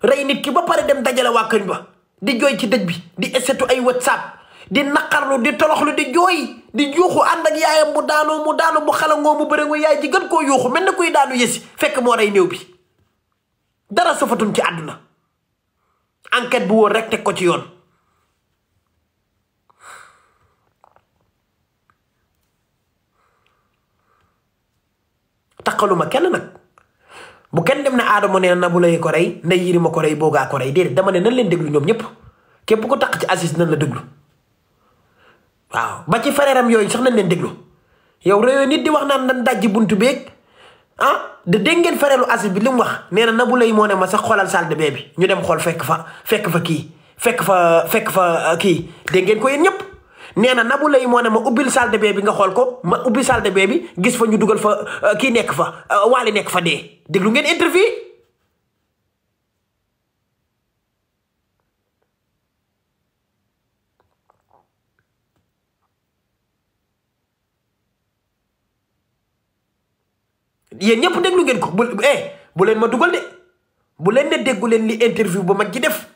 rey nit ki ba pare dem dajale waa këñ ba di jooy ci dëj bi di esetu ay whatsapp di naqarlu di toroxlu di jooy di yuuxu ànd ak yaayam mu daanu mu daanu mu xalangoo mu bëri yaay ji gën koo yuuxu mel ni kuy daanu yësi fekk moo rey néew bi dara safatun ci àdduna enquête bu woon rek teg ko ci yoon taqaluma kenn nag bu kenn dem ne aadama nee na bu lay ko rey nday yiri ma ko rey boogaa ko rey déedéet dama ne nan leen déglu ñoom ñëpp képp ko taq ci Aziz nan la déglu waaw ba ci fareeram yooyu sax nañ leen déglu yow réew nit di wax naan nan dajji buntu beeg ah de dégg ngeen fareelu Aziz bi li mu wax nee na Nabou Leye moo ne ma sax xoolal salle de bain bi ñu dem xool fekk fa fekk fa kii fekk fa fekk fa kii dégg ngeen ko yéen ñëpp nee na Nabou lay moo ne ma ubbil salle de bi nga xool ko ma ubbi salle de bain gis fa ñu dugal fa euh, kii nekk fa euh, Wally nekk fa de déglu ngeen interview yéen ñëpp déglu ngeen ko bu eh bu leen ma dugal de bu leen ne déggu leen li interview ba mag ji def